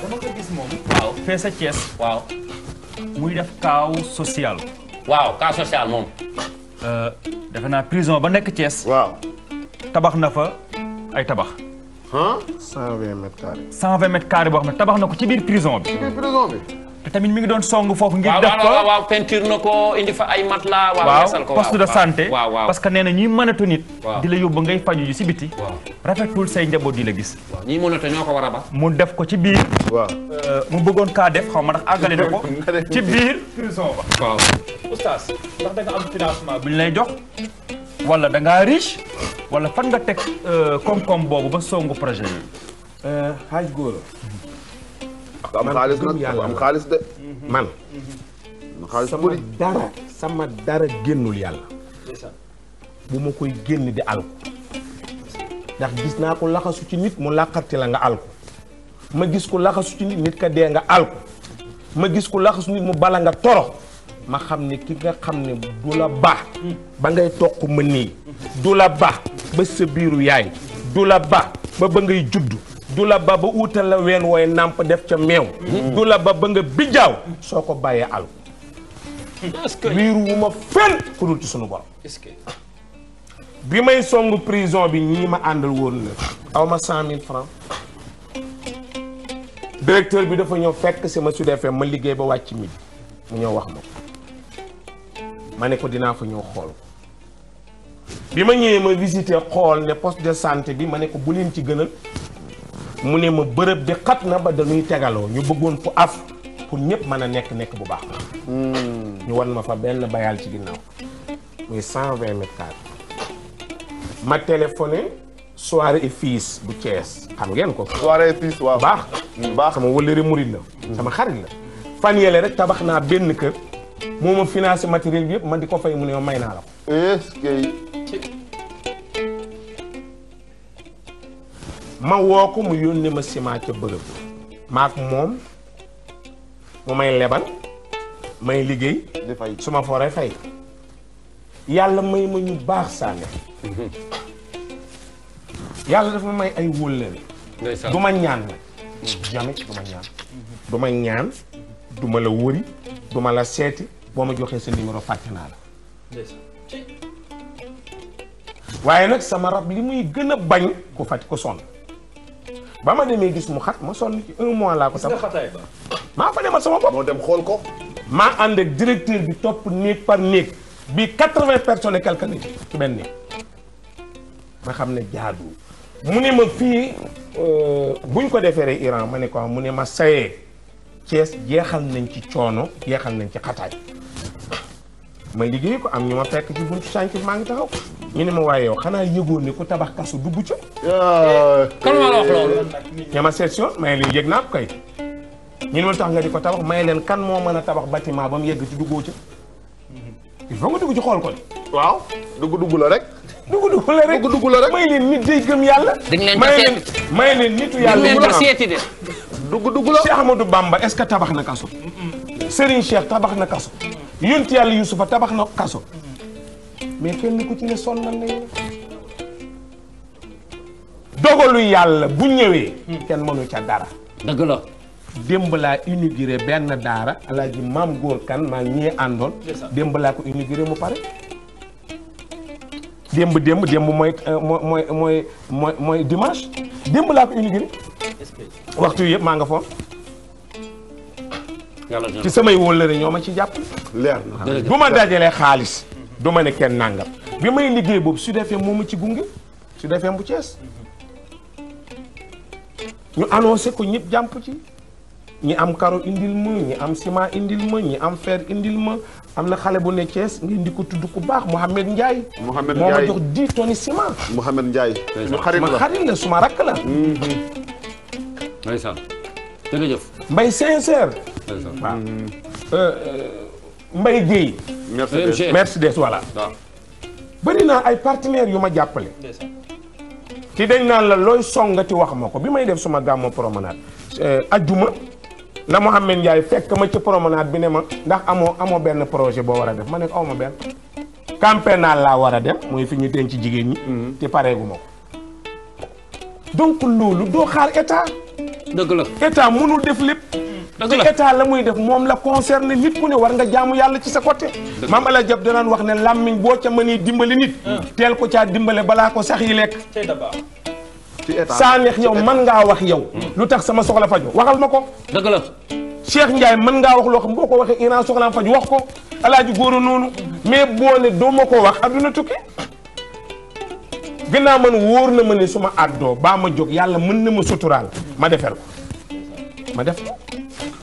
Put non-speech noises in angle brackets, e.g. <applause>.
Pragmatismo. Wow. PSHS. Wow. muy def caos social. waaw caos social moom. Ah, defe naa prison ba que é waaw. tabaco na fa ay tabax. ah. 120 mètres carrés. 120 mètres carrés boo tabaco ne tabax na ko ci biir prison bi. ci biir prison tamit mi ngi don song fofu ngir def ko waaw peinture nako indi fa ay matla waaw ko poste de santé. parce que nee ñuy mënatu nit. di la yóbbu ngay fañu ji si biti. rafetul say njabo di la gis. ñi mënatu ñoo ko ba. mu def ko ci biir. waaw euh, mu bëggon ka def xawma tax agalé nako <laughs> ci biir prison ba. waaw. oustaz ndax da nga am financement bu ñu lay jox. wala da nga riche. wala fan nga euh koom-koom bobu ba songu projet euh haaj goor dafa am xaalis nag dafa mhm. man. Mhm. sama dara sama dara génnul yàlla. bu ma koy génn di alku ndax gis naa ko laxasu ci nit mu làqarti la nga alku ma gis ko laxasu ci nit nit gis ko laxasu nit mu bala nga toro ma xam ne ki nga xam ne du la baax ba ngay toq ma nii du la baax ba sa biiru yaay du la baax ba ba ngay judd du la ba ba uutal la ween wooy nàmp def ca meew du la ba ba nga bijjaaw soo ko bàyyee àll riiru wu ma fenn ku dul ci sunu borom bi may songu prison bi ñii ma àndal woon na aw ma cent mille francs directeur bi dafa ñëw fekk si ma Sud FM ma liggéey ba wàcc mi mu ñëw wax ma ko ma ne ko dinaa fa ñëw xool bi ma ñëwee ma visité xool ne poste de santé bi ma ne ko bu leen ci gënal mu ne ma bërëb bi xat na ba dañuy tegaloo ñu bëggoon fu af pour ñëpp mën a nekk nekk bu baax. Hmm. ñu wan ma fa benn bayaal ci ginnaaw muy cent vingt mètres carrés ma téléphoné soirée fils bu Thiès xam ngeen ko. soirée fils waaw baax. Hmm. baax sama wëllëri murid la. Hmm. sama xarit la. fan yele rek tabax naa benn kër moo ma financé matériel bi yëpp man di ko fay mu ne may naa la ko. ma woo ko mu yónnee ma ciment ca bërëb maak moom mu may lebal may liggéey su ma foree fay yàlla may ma ñu baax sànne yàlla dafa ma may ay wóllëre du ma ñaan nag jamais ñaan du la wëri du la seeti boo ma joxee sa numéro fàcc naa la waaye nag sama rab li muy gën a bañ ku faj ko sonn ba ma demee gis mu xat ma sonn ci un mois laa ko tam maa fa demal sama bopp moo dem xool ko maa ànd directeur bi topp néeg par néeg bi quatre-vingts personne et quelques nit ma xam ne jaadu mu ne ma fii euh, buñ ko defee rek Iran ma ne ko ah, mu ne ma sayee Thiès jeexal nañ ci coono jeexal nañ ci xataay may liggey ko am ñuma fekk ci buntu sànq ma ngi taxaw ñu ne ma waye yow xana yego ni ku tabax kasu dugg ci kan ma la wax lool ña ma may li yëg ko kay. ñu ne ma tax nga di tabax may len kan mo meuna a tabax bâtiment bam yegg ci duggoo ci il faut nga dugg ci xol ko de. waaw dugg dugg la rek. dugg dugg la rek dugg dugg la rek may len nit day gem yalla may len may len nitu yalla dañ la ko seeti de. dugg dugg la Cheikh Amadou Bamba est-ce que tabax na kasu. Serigne Cheikh tabax na kasu. yonent yàlla yusufa tabax na kaso mais kenn ku ci ne sonnal na yéen dogalu yàlla bu ñëwee kenn mënu ca dara dëgg la démb laa inauguré benn daara alaaji maam góor kan maa ñee àndoon démb laa ko inauguré mu pare démb démb démb mooy euh, mooy mooy mooy mooy dimanche démb laa ko inauguré waxtu yëpp maa nga foon ci samay la ñoo ma ci jàpp leer na bu ma dajalee xaalis du ma ne kenn nàngam bi may liggéey boobu Sud defee moo ma ci gunge Sud defee bu cees ñu annoncé ko ñëpp jàmp ci ñi am karo indil ma ñi am ciment indil ma ñi am fer indil ma am na xale bu ne Thiès ngeen di ko tudd ku baax Mouhamed Ndiaye. Mouhamed Ndiaye moo ma jox 10 tonnes ciment. Mouhamed Ndiaye. ñu xarit la ma xarit suma rakk la. Mhm. ndeysaan jërëjëf. mbay sincère. waaw. Euh, euh, Mbaye Guèye. Mercedes euh, Mercedes voilà. bëri naa ay partenaires yu ma jàppale. ki dañ naan la looy songati wax ma ko bi may def suma gàmmo promenade. ajjuma la Mouhamed Ndiaye fekk ma ci promenade bi ne ma ndax amoo amoo benn projet boo war a def ma ne aw ma benn. campagne naa laa war a dem mooy fi ñu denc ci jigéen ñi. Mhm. te pareegu ma ko. donc loolu doo xaar état. dëgg mënul def lépp. ci état la muy def moom la concerné nit ku ne war nga jaamu yàlla ci sa côté maam ala jab danaan wax ne làmmiñ boo ca mënee dimbali nit ah. teel ko caa dimbale balaa ko sax yi lekk saa neex yow man ngaa wax yow hmm. lu tax sama soxla fajo waxal ma ko dëgg la Cheikh Ndiaye mën ngaa wax loo xam boo ko waxee Iran soxlaam faju wax ko alaaji góor a noonu mais boo ne doo ma ko wax adduna tukki gannaaw man wóor na ma ne suma àddoo baa ma jóg yàlla mën na ma suturaal ma defel ma def